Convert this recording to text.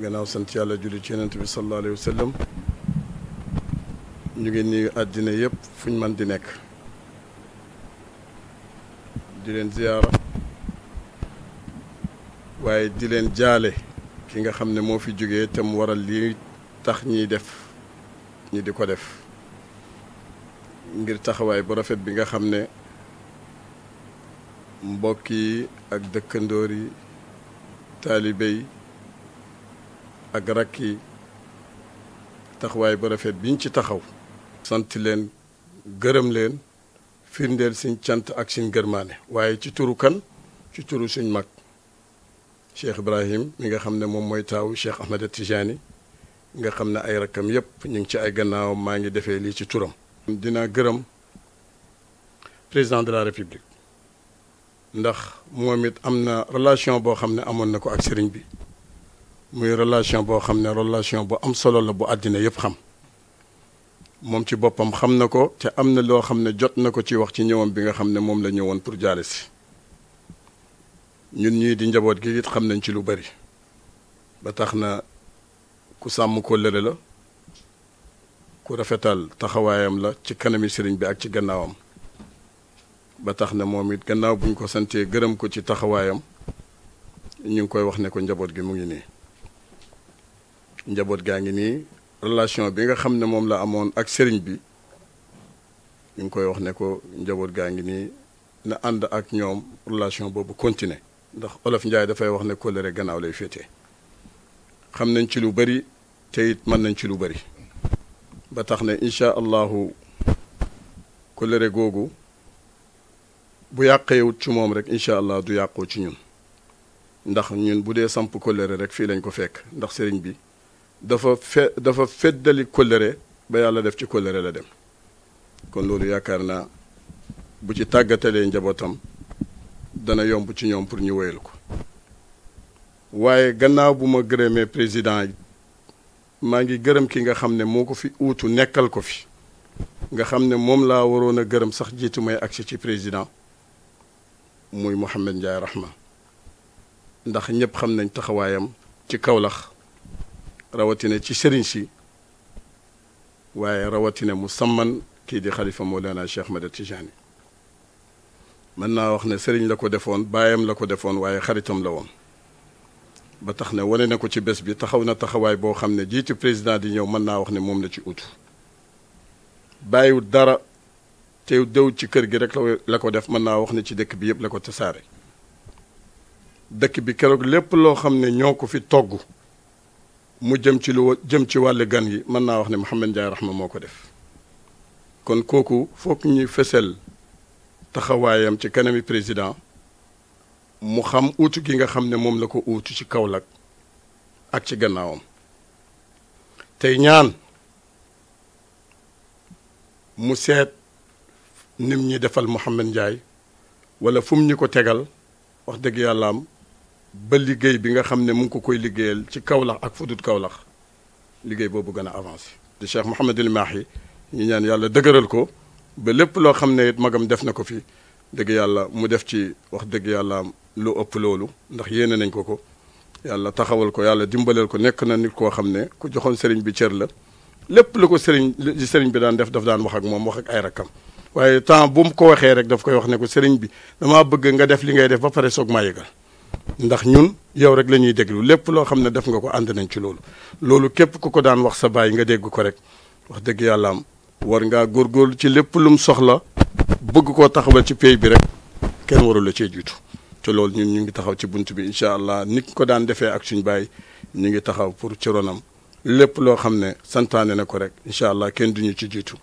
gannaaw sant yàlla julli ci yonent bi sallallahu alayhi wa sallam ñu ngi nuyu àddina yëpp fuñ mën di nekk di leen ziyaara waaye di leen jaale ki nga xam ne fi jógee te waral lii tax ñiy def ñi di ko def ngir taxawaay bu rafet bi nga xam ne ak dëkkandoor yi ak rakk yi taxawaay ba rafet biñ ci taxaw. sant leen gërëm leen firndeel siñ cant ak suñ gërmaane waaye ci turu kan ci turu suñ mag Cheikh Ibrahim mi nga xam ne moom mooy taawu Cheikh Ahmed Tijani nga xam ne ay rakkam yépp ñu ngi ci ay gannaawam maa ngi defee lii ci turam. dinaa gërëm président de la république ndax moom it am na relation boo xam ne amoon na ko ak sëriñ bi. muy relation boo xam ne relation bu am solo la bu àddina yëpp xam moom ci boppam xam na ko te am na loo xam ne jot na ko ci wax ci ñëwam bi nga xam ne moom la ñëwoon pour jaale si ñun ñii di njaboot gi it xam nañ ci lu bari ba tax na ku sàmm kóllëre la ku rafetal taxawaayam la ci kanami sëriñ bi ak ci gannaawam ba tax na moom it gannaaw buñ ko santee gërëm ko ci taxawaayam ñu ngi koy wax ne ko njaboot gi mu ngi nii njabot gaangi ni relation bi nga xamne mom la amone ak serigne bi ñu koy wax ne ko njabot gaangi ni na ànd ak ñom relation bobu continuer ndax olof Njaay fay wax ne ko kóllëre gannaaw lay fété xam nañ ci lu bari te it mën nañ ci lu bari ba tax ne insha allah ko kóllëre gogu bu yàqeewut ci mom rek insha allah du yaqo ci ñun ndax ñun bu dee samp ko kóllëre rek fii lañ ko fekk ndax sëriñ bi dafa fe dafa feddali kolere ba yàlla def ci kolere la dem kon loolu yaakaar naa bu ci tàggatalee njabootam dana yomb ci ñoom pour ñu wéyal ko waaye gannaaw bu ma gërëmee président yi maa ngi gërëm ki nga xam ne moo ko fi uutu nekkal ko fi nga xam ne moom laa waroon a gërëm sax jiitu may agsi ci président muy mohammed Ndiaye Rahma ndax ñëpp xam nañ taxawaayam ci kaolax rawatina ci serigne ci waye rawatina musamman ki di khalifa Mawlana Cheikh madat Tijani man na wax ne serigne lako defone bayam lako defone waye xaritam la won ba tax ne wane na ko ci bés bi taxaw na taxawaay boo xam ne jiitu président di ñëw man na wax ne mom la ci ut bayu dara te dew ci kër gi rek lako def man na wax ne ci dëkk bi yeb lako tassare dëkk bi kérok lépp lo xamne ñoko fi toggu mu jëm ci lu jëm ci wàll gan yi mën naa wax ne Mouhamed Ndiaye Rahma moo ko def kon kooku foog ñuy fësal taxawaayam ci kanami président mu xam uutu gi nga xam ne moom la ko uutu ci Kaolack ak ci gannaawam tey ñaan mu seet nim ñi defal Mouhamed njaay wala fu mu ñu ko tegal wax dëgg yàlla ba liggéey bi nga xam ne mu ngi ko koy liggéeyal ci Kaolack ak fudut Kaolack liggéey boobu gën a avancé di Cheikh Mouhamadul Mahi ñu ñaan yàlla dëgëral ko ba lépp loo xam ne it magam def na ko fi dëgg yàlla mu def ci wax dëgg yàlla lu ëpp loolu ndax yéene nañ ko ko yàlla taxawal ko yàlla dimbaleel ko nekk na nit koo xam ne ku joxoon sëriñ bi cër la lépp lu ko sëriñ li sëriñ bi daan def daf daan wax ak moom wax ak ay rakkam waaye temps bu mu ko waxee rek daf koy wax ne ko sëriñ bi damaa bëgg nga def li ngay def ba pare soog maa yëgal ndax ñun yow rek la ñuy déglu lépp loo xam ne def nga ko ànd nañ ci loolu loolu képp ku ko daan wax sa baay nga dégg ko rek wax dëgg yàlla am war ngaa góor góorgóorlu ci lépp lum soxla bëgg koo taxawal ci pays bi rek kenn warul la cee jiitu te loolu ñun ñu ngi taxaw ci bunt bi incha allah ni ko daan defee ak suñu baay ñu ngi taxaw pour ci ronam lépp loo xam ne santaane na ko rek incha allah kenn du ñu ci jiitu.